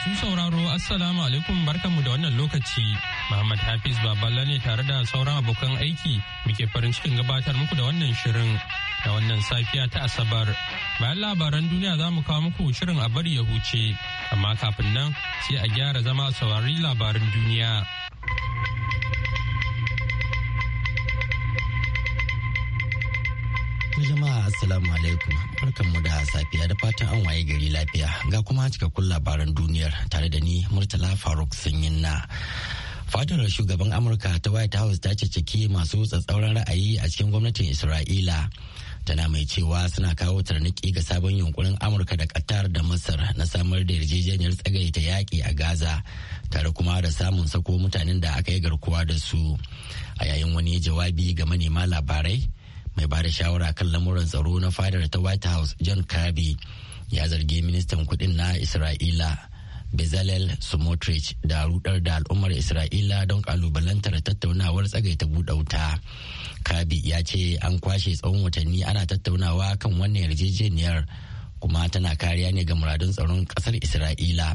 Masu sauraro Assalamu alaikum barkanmu da wannan lokaci. Muhammad Hafiz Baballa ne tare da sauran abokan aiki muke farin cikin gabatar muku da wannan shirin da wannan safiya ta Asabar. Bayan labaran duniya za mu kawo muku shirin a bari ya huce, amma kafin nan sai a gyara zama saurari labaran duniya. To jama'a assalamu alaikum mu da safiya da fatan an waye gari lafiya ga kuma cikakkun labaran duniyar tare da ni Murtala Faruk Sanyin na. Fadar shugaban Amurka ta White House ta ciki masu tsatsauran ra'ayi a cikin gwamnatin Isra'ila. Tana mai cewa suna kawo tarniki ga sabon yunkurin Amurka da Qatar da Masar na samar da yarjejeniyar tsagaita yaƙi a Gaza tare kuma da samun sako mutanen da aka yi garkuwa da su. A yayin wani jawabi ga manema labarai, mai ba da shawara kan lamuran tsaro na fadar ta white house john kirby ya zargi ministan kudin na isra'ila bezalel smotrich da rudar da al'ummar isra'ila don kalubalantar tattaunawar tsagaita buɗe wuta kirby ya ce an kwashe tsawon watanni ana tattaunawa kan wannan yarjejeniyar kuma tana kariya ne ga muradun tsaron ƙasar isra'ila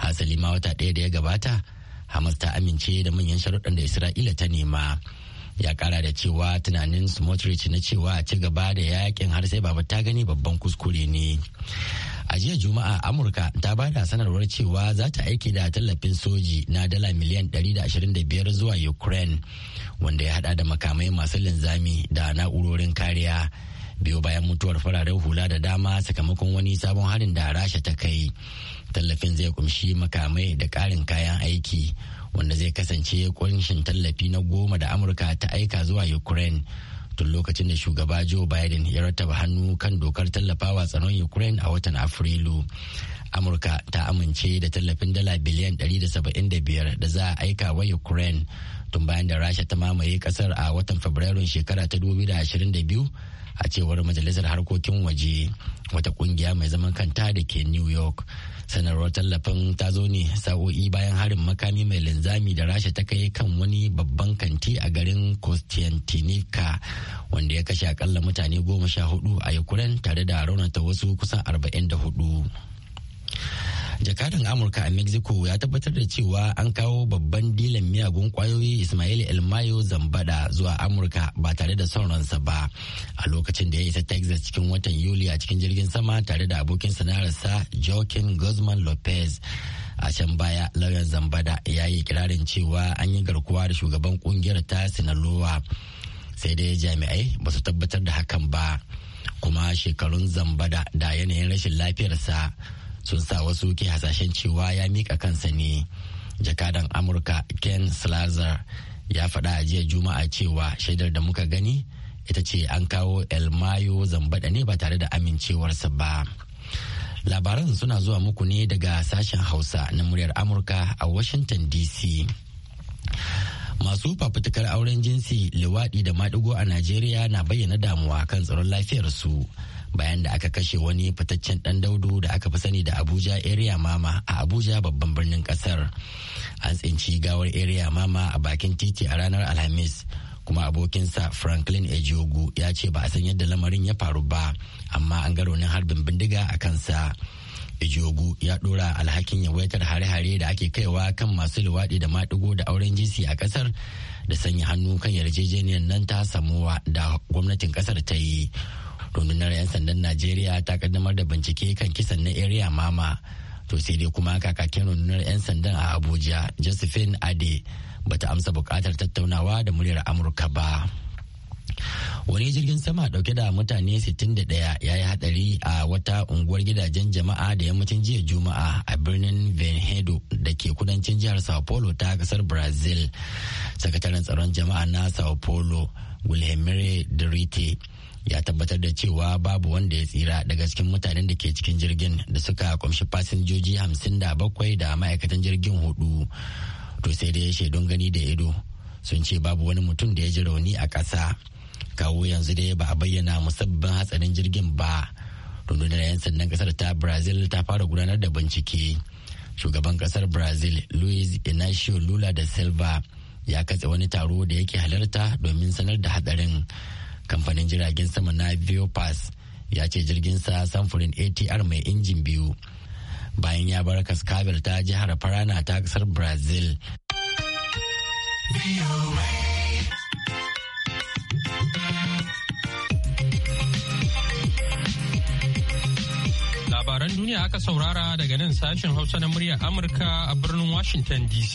hasali ma wata ɗaya da ya gabata hamas ta amince da manyan sharuɗan da isra'ila ta nema ya kara da cewa tunanin smotrich na cewa ci gaba da yakin har sai baba ta gani babban kuskure ne a jiya juma'a amurka ta ba da sanarwar cewa za ta aiki da tallafin soji na dala miliyan 125 zuwa ukraine wanda ya hada da makamai masu linzami da na'urorin kariya biyu bayan mutuwar fararen hula da dama sakamakon wani sabon harin da rasha ta kai tallafin zai kumshi makamai da karin kayan aiki wanda zai kasance kunshin tallafi na goma da amurka ta aika zuwa ukraine tun lokacin da shugaba joe biden ya rattaba hannu kan dokar tallafawa tsaron ukraine a watan afrilu amurka ta amince da tallafin dala biliyan 175 da za a aika wa ukraine tun bayan da rasha ta mamaye kasar a watan fabrairun shekara ta 2022 a cewar majalisar harkokin waje wata kungiya mai zaman kanta da ke new york sanarwar tallafin ta zo ne sa'o'i bayan harin makami mai linzami da rasha ta kai kan wani babban kanti a garin kostiantinika wanda ya kashe akalla mutane goma sha hudu a yukuren tare da raunata wasu kusan arba'in da hudu jakadan amurka a mexico ya tabbatar da cewa an kawo babban dilan miyagun kwayoyi ismail elmayo zambada zuwa amurka ba tare da son ransa ba a lokacin da ya isa texas cikin watan yuli a cikin jirgin sama tare da abokin sana'arsa joaquin guzman lopez a can baya lauyan zambada ya yi kirarin cewa an yi garkuwa da shugaban kungiyar ta sinaloa sai dai jami'ai ba su tabbatar da hakan ba kuma shekarun zambada da yanayin rashin lafiyarsa sun sa wasu ke hasashen cewa ya mika kansa ne jakadan amurka ken slazer ya faɗa a jiya juma'a cewa shaidar da muka gani ita ce an kawo el mayo zambaɗa ne ba tare da amincewarsa ba labaran suna zuwa muku ne daga sashen hausa na muryar amurka a washington dc masu fafutukar auren jinsi liwaɗi da maɗigo a najeriya na bayyana damuwa kan tsaron lafiyarsu bayan da aka kashe wani fitaccen dan daudu da aka fi sani da abuja area mama a abuja babban birnin kasar an tsinci gawar area mama a bakin titi a ranar alhamis kuma abokinsa franklin ejogu ya ce ba a san yadda lamarin ya faru ba amma an ga raunin harbin bindiga a kansa ejogu ya dora alhakin yawaitar hare-hare da ake kaiwa kan masu luwaɗi da maɗigo da auren jinsi a ƙasar da sanya hannu kan yarjejeniyar nan ta samuwa da gwamnatin ƙasar ta yi rundunar 'yan sandan najeriya ta kaddamar da bincike kan kisan na area mama to sai dai kuma kakakin rundunar 'yan sandan a abuja josephine ade bata amsa bukatar tattaunawa da muryar amurka ba wani jirgin sama dauke da mutane 61 ya yi hadari a wata unguwar gidajen jama'a da yammacin jiya juma'a a birnin venhedo da ke kudancin jihar sao paulo ta kasar brazil sakataren tsaron jama'a na sao paulo wilhelmire dorite ya tabbatar da cewa babu wanda ya tsira daga cikin mutanen da ke cikin jirgin da suka kumshi fasinjoji hamsin da bakwai da ma'aikatan jirgin hudu to sai dai shaidun gani da ido sun ce babu wani mutum da ya ji rauni a ƙasa kawo yanzu dai ba a bayyana musabbin hatsarin jirgin ba rundunar 'yan sandan kasar ta brazil ta fara gudanar da bincike shugaban kasar brazil luis inacio lula da silva ya katse wani taro da yake halarta domin sanar da hatsarin kamfanin jiragen sama na viopas ya ce jirgin sa samfurin atr mai injin biyu bayan ya bar kaskabel ta jihar farana ta kasar brazil labaran duniya aka saurara daga nan sashen hausa na muryar amurka a birnin washington dc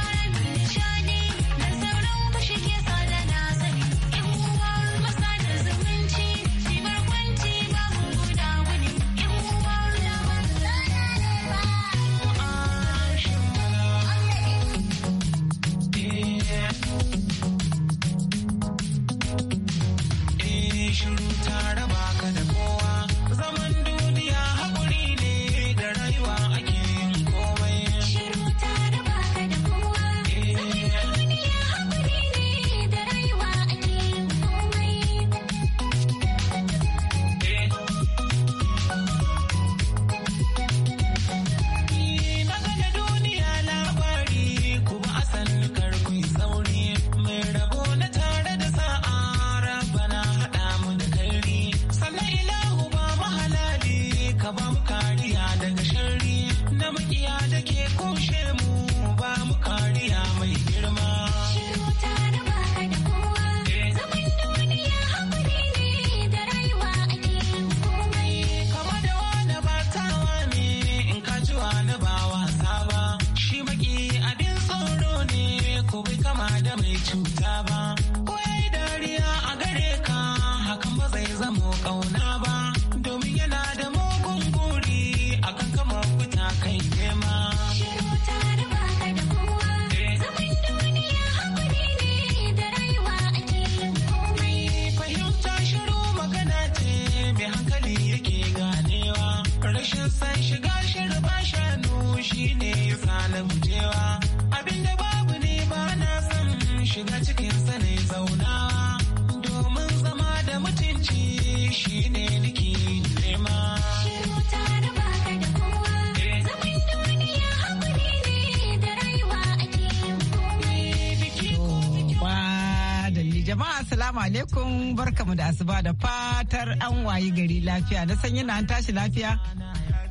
alaikum barkamu da asuba da fatar an wayi gari lafiya da san yana an tashi lafiya.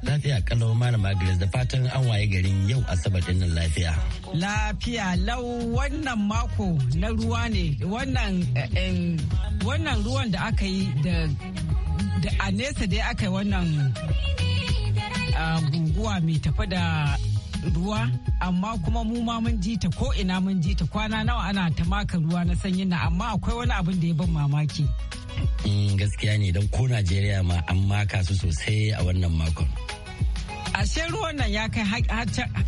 Lafiya kalau malama Grace da fatan an waye garin yau asabar din nan lafiya. Lafiya lau wannan mako na ruwa ne wannan eh, eh, wannan ruwan da aka yi da a nesa dai aka yi wannan ah, guguwa mai tafi da ruwa amma kuma mu ma mun ji ta ko ina mun ji ta kwana nawa ana ta maka ruwa na sanyin na amma akwai wani abin da ya ban mamaki mm, gaskiya ne don ko najeriya ma an maka su sosai a wannan makon ashe ruwan nan ya kai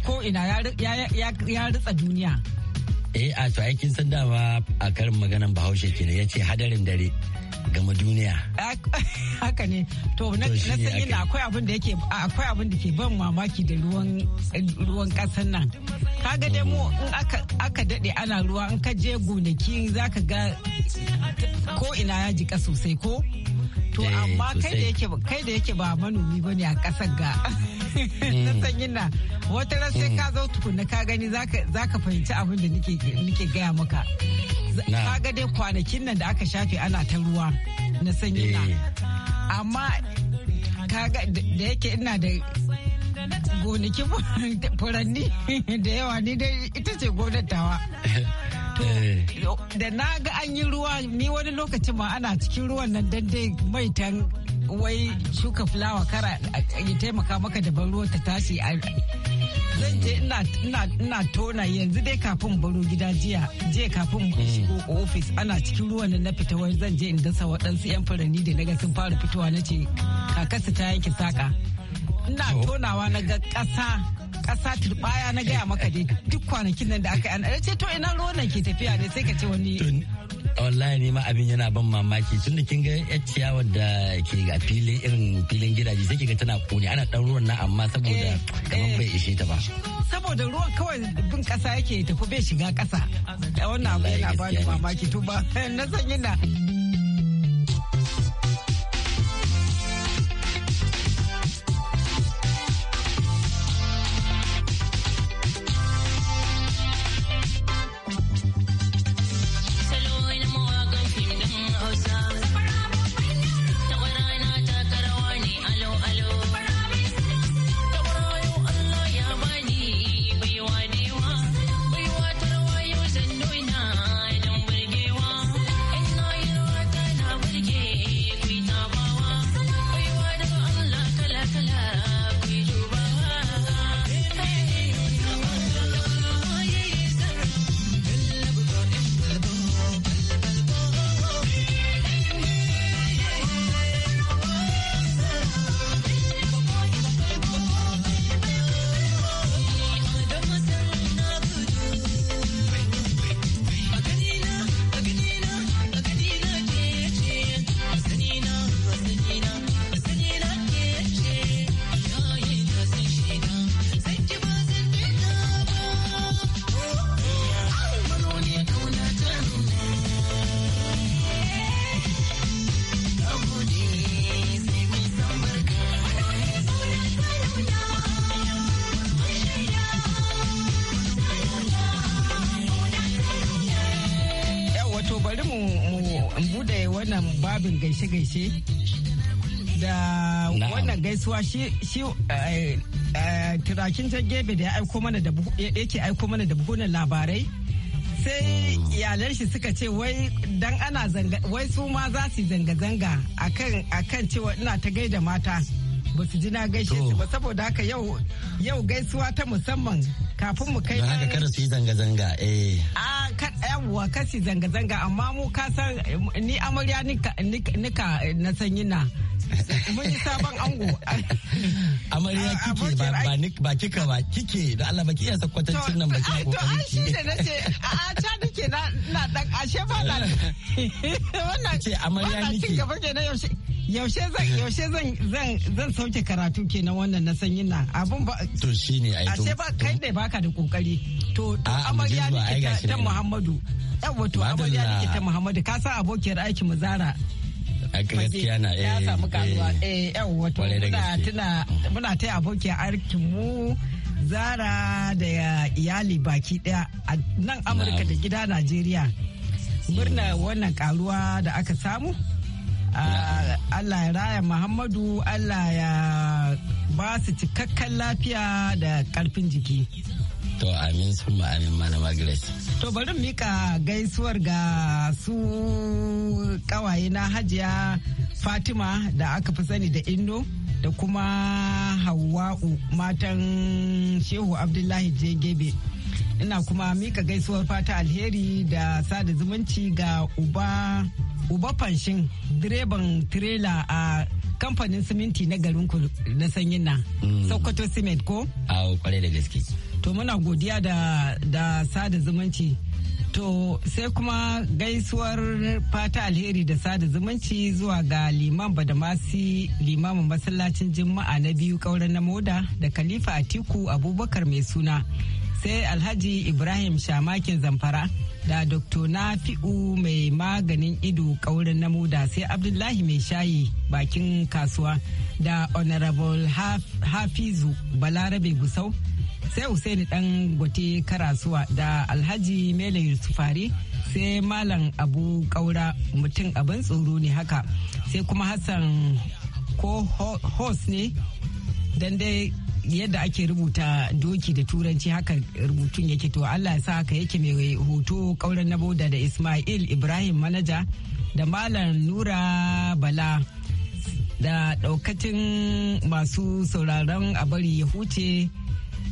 ko ina ya ritsa duniya eh a to aikin san dama a karin maganan bahaushe kenan ya ce hadarin dare gama duniya haka ne to na san yana akwai abin da yake akwai abin da ke ban mamaki da ruwan ruwan kasan nan kaga dai mu in aka daɗe dade ana ruwa in ka je gonaki ka ga ko ina ya jika sosai ko to eh, amma kai da yake kai da yake ba manomi ne a kasar ga na san yana wata ran sai mm. ka zo tukunna ka gani za ka fahimci abin da nike nake gaya maka kaga dai kwanakin nan da aka shafe ana ta ruwa na sanyi na eh. amma kaga da yake ina da gonaki furanni da yawa ni dai ita ce gonatawa eh. da na ga an yi ruwa ni wani lokacin ma ana cikin ruwan nan daidai tan wai shuka fulawa kara ya taimaka maka da ban ruwa ta tashi zan je ina tona yanzu dai kafin baro gida jiya jiya kafin hmm. shigo ofis ana cikin ruwan na fita wani zan je in dasa waɗansu yan furanni da na sun fara fitowa na ce kakarsu ta yanke saka ina tonawa na ga ƙasa ƙasa turbaya na gaya maka dai duk kwanakin nan da aka yi ana ce to ina ruwan ke tafiya ne sai ka ce wani wallahi ne ma abin yana ban mamaki tun da kin ga yar ciyawar da ke ga filin irin filin gidaje sai ga tana kone ana dan ruwan na amma saboda eh, kamar bai eh. ishe ta ba saboda ruwan kawai bin kasa yake tafi bai shiga kasa wannan abu yana bani mamaki to ba na san yana gaishe-gaishe da wannan gaisuwa shi eh, eh, turakin ta gebe da yake aiko mana da buhunan labarai sai mm. iyalan shi suka ce wai dan ana zanga wai su ma za su zanga-zanga akan akan cewa ina ta gaida mata ba su ji na gaishe su ba saboda haka yau yau gaisuwa ta musamman kafin mu kai su zanga-zanga eh yawuwa kasi zanga-zanga amma mu kasar ni amarya nika na sanyi na mun yi sabon ango amarya kike ba kika ba kike da Allah ba iya iya cin nan ba ki kokari to an shi da nace a ta nike na na dan ashe ba na wannan ce amarya nike gaba kenan yaushe yaushe zan yaushe zan zan zan sauke karatu kenan wannan na sanyin nan abun ba to shine ai to ashe ba kai ne baka da kokari to amarya nike ta Muhammadu yawa to amarya ne ta muhammadu ka san abokiyar aiki mu zara gaskiya na ya eh, samu karuwa eh, eh yawa to muna tuna muna taya abokiyar aikin mu zara da iyali baki daya a nan amurka da gida najeriya murna wannan karuwa da aka samu ah, Allah ya raya Muhammadu Allah ya ba su cikakken lafiya da karfin jiki. To amin sun mana Grace. To bari mika gaisuwar ga su kawaye na hajiya Fatima da aka fi sani da Indo da kuma Hawwa'u matan Shehu Abdullahi Jegebe. Ina kuma mika gaisuwar fata alheri da sada zumunci ga uba uba fanshin direban tirela a kamfanin siminti na garin na sanyin na mm. Sokoto Cement ko? A kwarai da gaske. to muna godiya da da sada zumunci to sai kuma gaisuwar fata alheri da sada zumunci zuwa ga liman badamasi limamin masallacin jima'a na biyu kauren na moda da khalifa atiku abubakar mai suna sai alhaji ibrahim shamakin zamfara da dr fi'u mai maganin ido kaurin namuda sai abdullahi mai shayi bakin kasuwa da honorable hafizu balarabe gusau sai Usaini dan gote karasuwa da Alhaji Mele Yusufari sai Malam Abu Kaura mutum abin tsoro ne haka sai kuma Hassan ko host ne dan dai yadda ake rubuta doki da turanci haka rubutun yake to Allah ya sa haka yake mai hoto kauran na boda da Ismail Ibrahim manaja da Malam Nura Bala da daukacin masu sauraron a bari ya huce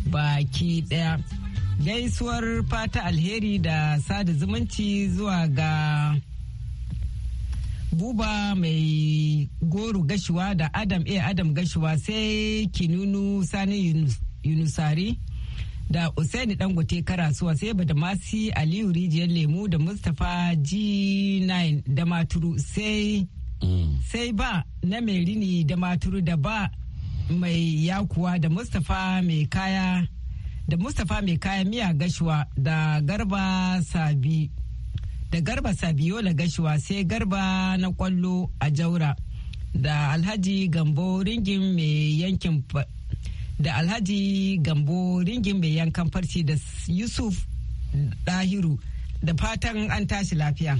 baki ɗaya gaisuwar fata alheri da sada zumunci zuwa ga buba mai goro gashuwa da adam a eh, adam gashuwa sai kinunu sani yunusari da usaini dangote karasuwa sai masi aliyu rijiyar lemu da mustapha g9 da maturu mm. sai ba na merini da maturu da ba mai yakuwa da mustapha mai kaya da mustapha mai kaya miya gashuwa da garba sabi da garba gashuwa sai garba na kwallo a jaura da alhaji gambo ringin mai yankin da alhaji gambo ringin mai yankan farci da yusuf dahiru da fatan an tashi lafiya.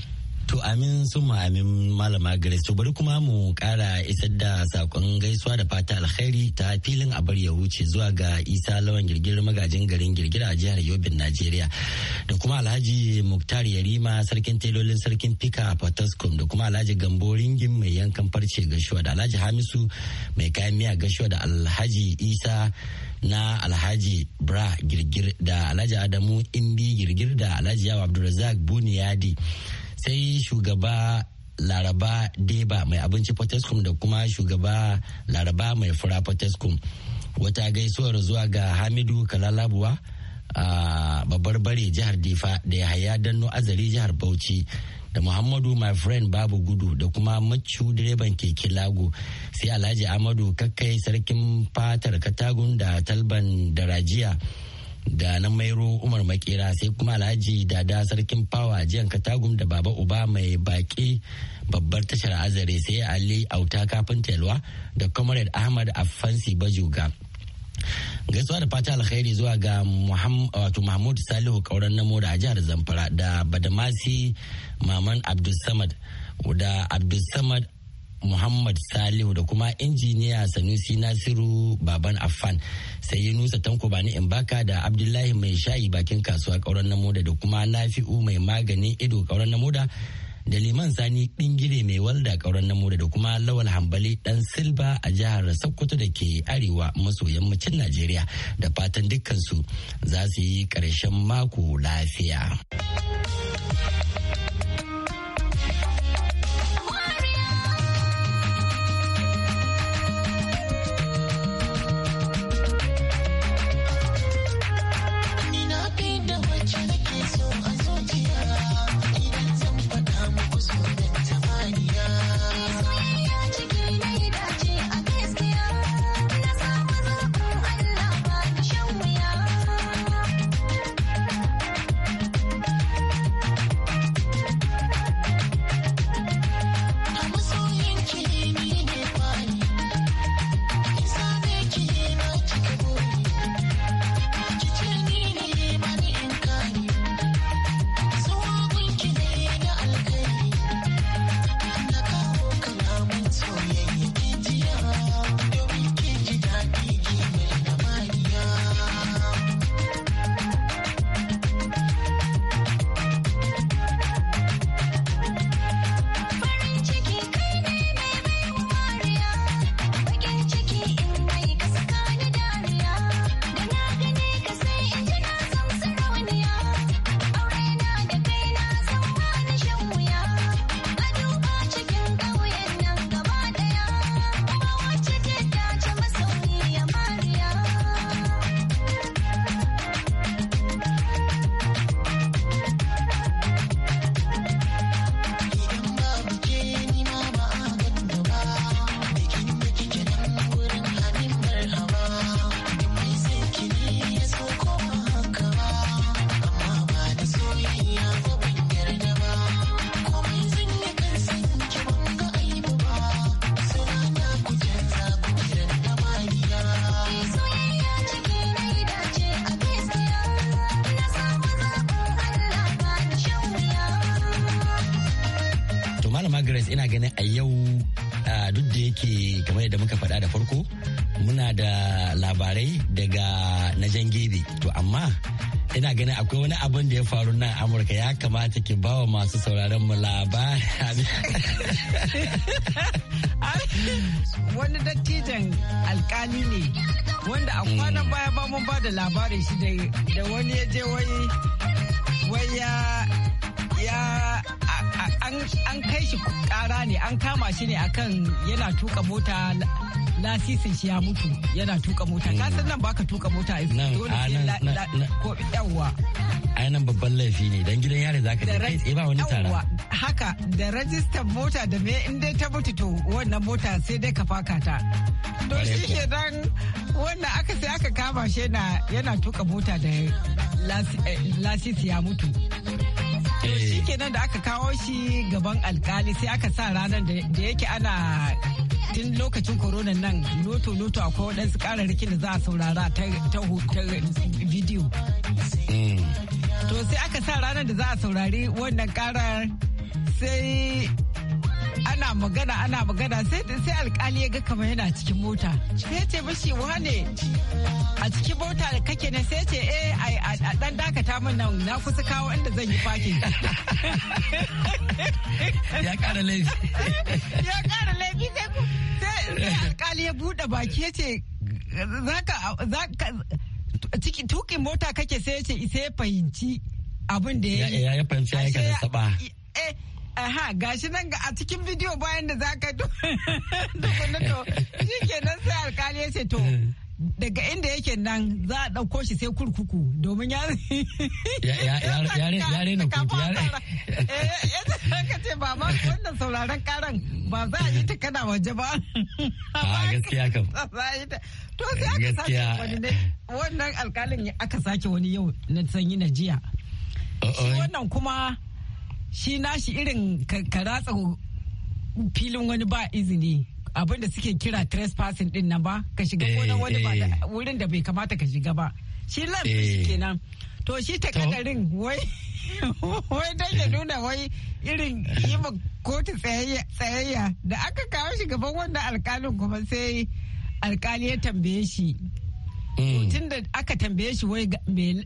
To amin sun amin malama Grace to bari kuma mu kara isar da sakon gaisuwa da fata alkhairi ta filin abar ya wuce zuwa ga Isa Lawan girgirar magajin garin girgira a jihar yobin Najeriya da kuma Alhaji Muktar Yarima sarkin telolin sarkin Fika a Potoskum da kuma Alhaji Gambo Ringin mai yankan farce gashuwa da Alhaji Hamisu mai kayan miya gashuwa da Alhaji Isa na Alhaji Bra girgir da Alhaji Adamu Indi girgir da Alhaji Yawa Abdulrazak Buniyadi. sai shugaba laraba deba mai abinci potescom da kuma shugaba laraba mai fura potescom wata gaisuwar zuwa ga hamidu kalalabuwa a babbar bare jihar difa da ya haya danno azari jihar bauchi da muhammadu my friend babu gudu da kuma macu direban keke lago sai alhaji amadu kakkai sarkin fatar katagun da talban darajiya da na mairo umar makera sai kuma alhaji dada sarkin fawa jiyan katagum da baba uba mai baki babbar tashar azare sai ali auta kafin telwa da comrade ahmad afansi bajuga gaisuwa da fata alkhairi zuwa ga wato mahmud salihu kauran namo da jihar zamfara da badamasi maman abdulsamad da abdulsamad Muhammad Salihu da kuma injiniya Sanusi Nasiru Baban Affan sai ya nusa tanko bani in baka da Abdullahi mai shayi bakin kasuwa kauran namoda da kuma Nafi'u mai maganin ido kauran namoda da liman sani dingire mai walda kauran namoda da kuma lawal hambali ɗan silba a jihar Sokoto da ke arewa maso yammacin Najeriya da fatan dukkansu za su yi karshen mako lafiya. labarai daga na jangebe to amma ina ganin akwai wani abin da ya faru nan amurka ya kamata ki bawa masu sauraron mu labari wani dattijan alkali ne wanda a kwanan baya ba mun ba da labari shi da wani ya je wai ya an kai shi kara ne an kama shi ne akan yana tuka mota lasisin shi ya mutu yana tuka mota ka san nan baka tuka mota a dole sai ko yawa ai nan babban laifi ne dan gidan yare zaka je kai tsaye ba wani tara haka da register mota da me in dai ta mutu to wannan mota sai dai ka faka ta to shi ke dan wannan aka sai aka kama shi yana yana tuka mota da eh, lasisi ya mutu shi eh. kenan da aka kawo shi gaban alkali sai aka sa ranar da yake ana cikin lokacin corona nan noto noto akwai waɗansu rikin da za a saurara ta bidiyo to sai aka sa ranar da za a saurari wannan karar sai ana magana ana magana sai alkali ya ga kamar yana cikin mota sai ce mashi wane a cikin mota da kake na sai ce eh a dan dakata min nan na kusa kawo inda zan yi fakin ya kara laifi ya kara laifi sai alkali ya bude baki ya ce zaka ciki tuki mota kake sai ya ce sai ya fahimci abin da ya yi ya fahimci ya ka saba eh, Aha, gashi nan ga a cikin bidiyo bayan da za ka to, to, shi kenan sai alkali ya ce to, daga inda yake nan za a ɗauko shi sai kurkuku domin ya rena kuku ya eh, ka ce ba ma wannan sauraron karan ba za a yi ta kana waje ba a gaskiya kam to sai aka sake wani wannan alkalin aka sake wani yau na sanyi na jiya shi wannan kuma shi nashi irin ka ratsa filin wani ba izini abin da suke kira trespassing din nan ba ka shiga gonar eh, wani ba eh. wurin da bai kamata ka shiga ba shi shi eh. kenan to shi takadarin wai wai don ya nuna wai irin yi kotu tsayayya da aka kawo shi gaban wannan alkalin kuma sai alkali ya tambaye shi mm. tun da aka tambaye shi wai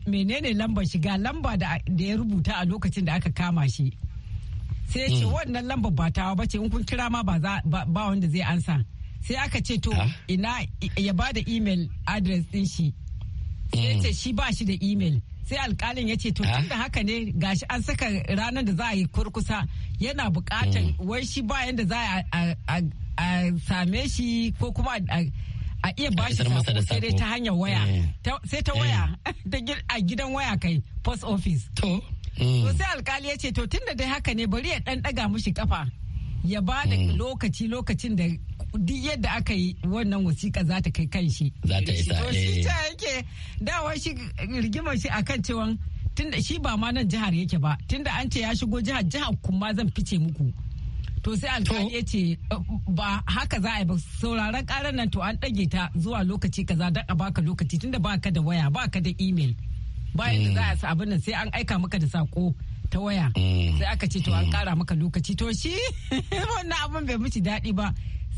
menene lambar shiga lamba da ya rubuta a lokacin da aka kama shi sai ya ce hmm. wannan lambar ba tawa ba ce in kun kira ma ba wanda zai ansa sai aka ce to ina ya ba da email address din shi sai ya ce hmm. shi ba shi da email sai alkalin ya ce to tun da haka ne ga shi an saka ranar da za a yi kurkusa yana bukatar hmm. wai shi ba yanda za a same shi ko kuma a iya ba shi sai dai ta hanyar waya sai ta waya a gidan waya kai post office to Mm. to sai alkali ya ce to tunda dai haka ne bari ya dan daga mushi kafa ya ba da mm. lokaci lokacin da duk yadda aka yi wannan wasiƙa za ta kai kan shi. Za ta isa. shi eh. ta yake dawa shi rigimar shi akan cewa tunda shi ba ma nan jihar yake ba tunda an ce ya shigo jihar jihar kuma zan fice muku. To sai alkali ya ce ba haka za a yi ba sauraron ƙarar nan to an ɗage ta zuwa lokaci kaza don a baka lokaci tunda ba ka da waya ba ka da email bayan da za a sa eh. abin nan sai an aika maka da sako ta waya eh. sai aka ce to an kara eh. maka lokaci to shi wannan abin bai mishi daɗi ba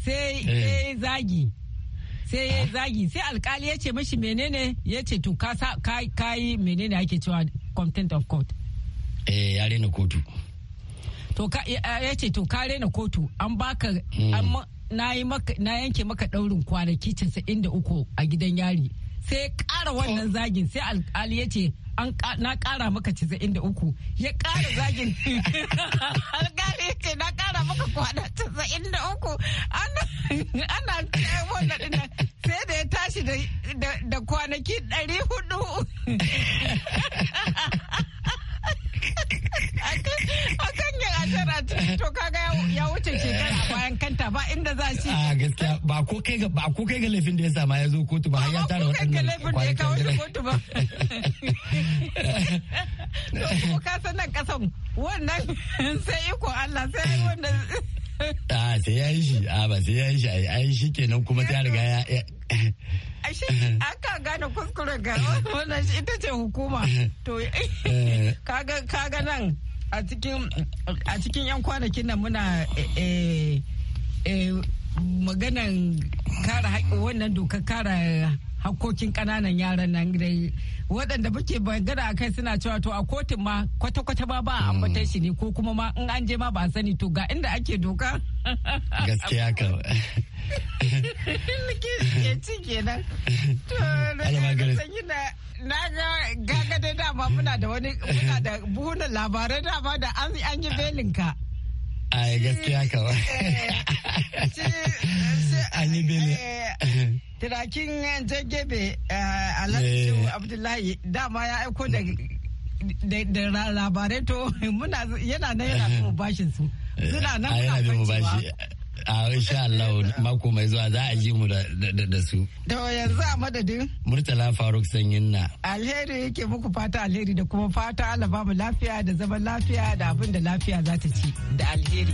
sai ya zagi sai ya ah. zagi sai alkali ya ce mashi menene ya ce to ka yi menene ake cewa content of court eh ya rena kotu to ya ce to ka rena kotu an baka hmm. na yanke maka daurin kwanaki 93 a gidan yari sai ƙara wannan zagin sai alkali ya ce na ƙara maka casa'in da uku ya ƙara zagin alkali ya ce na ƙara maka kwada casa'in da uku ana wannan ɗin sai da ya tashi da kwanaki ɗari hudu akan ya asara to kaga ya wuce shekara bayan kanta ba inda za shi a gaskiya ba ko kai ga ba ko kai ga laifin da ya sama ya zo kotu ba ya tara wadannan ba ko kai ga laifin da ya kawo kotu ba to ko ka sanan kasan wannan sai iko Allah sai wanda a ah, sai ya yi shi a ah, ba sai ya yi shi a yi shi kenan kuma ta riga ya a shi aka gane kuskure ga wannan ita ce hukuma to eh, kaga nan a cikin yan kwanakin nan muna eh, eh, maganan kara wannan dokar kara hakkokin ƙananan yaran nan dai waɗanda muke bangara a kai suna cewa to a kotun ma kwata-kwata ba ba a hmm. ambatan shi ne ko kuma ma in an je ma ba a sani to ga inda ake doka gaskiya ka ke ci kenan to na ga gaga da dama muna da wani muna da buhunan labarai dama da an yi belinka a gaskiya kawai an yi belin tirakin jagebe eh, alhaji eh. abdullahi dama ya aiko da labarai to muna yana nan yana kuma bashin su eh, suna nan muna a insha Allah mako mai zuwa za a ji mu da su. To yanzu a madadin? Murtala Faruk Sanyin na. Alheri yake muku fata alheri da kuma fata Allah babu lafiya da zaman lafiya da abin da lafiya za ta ci da alheri.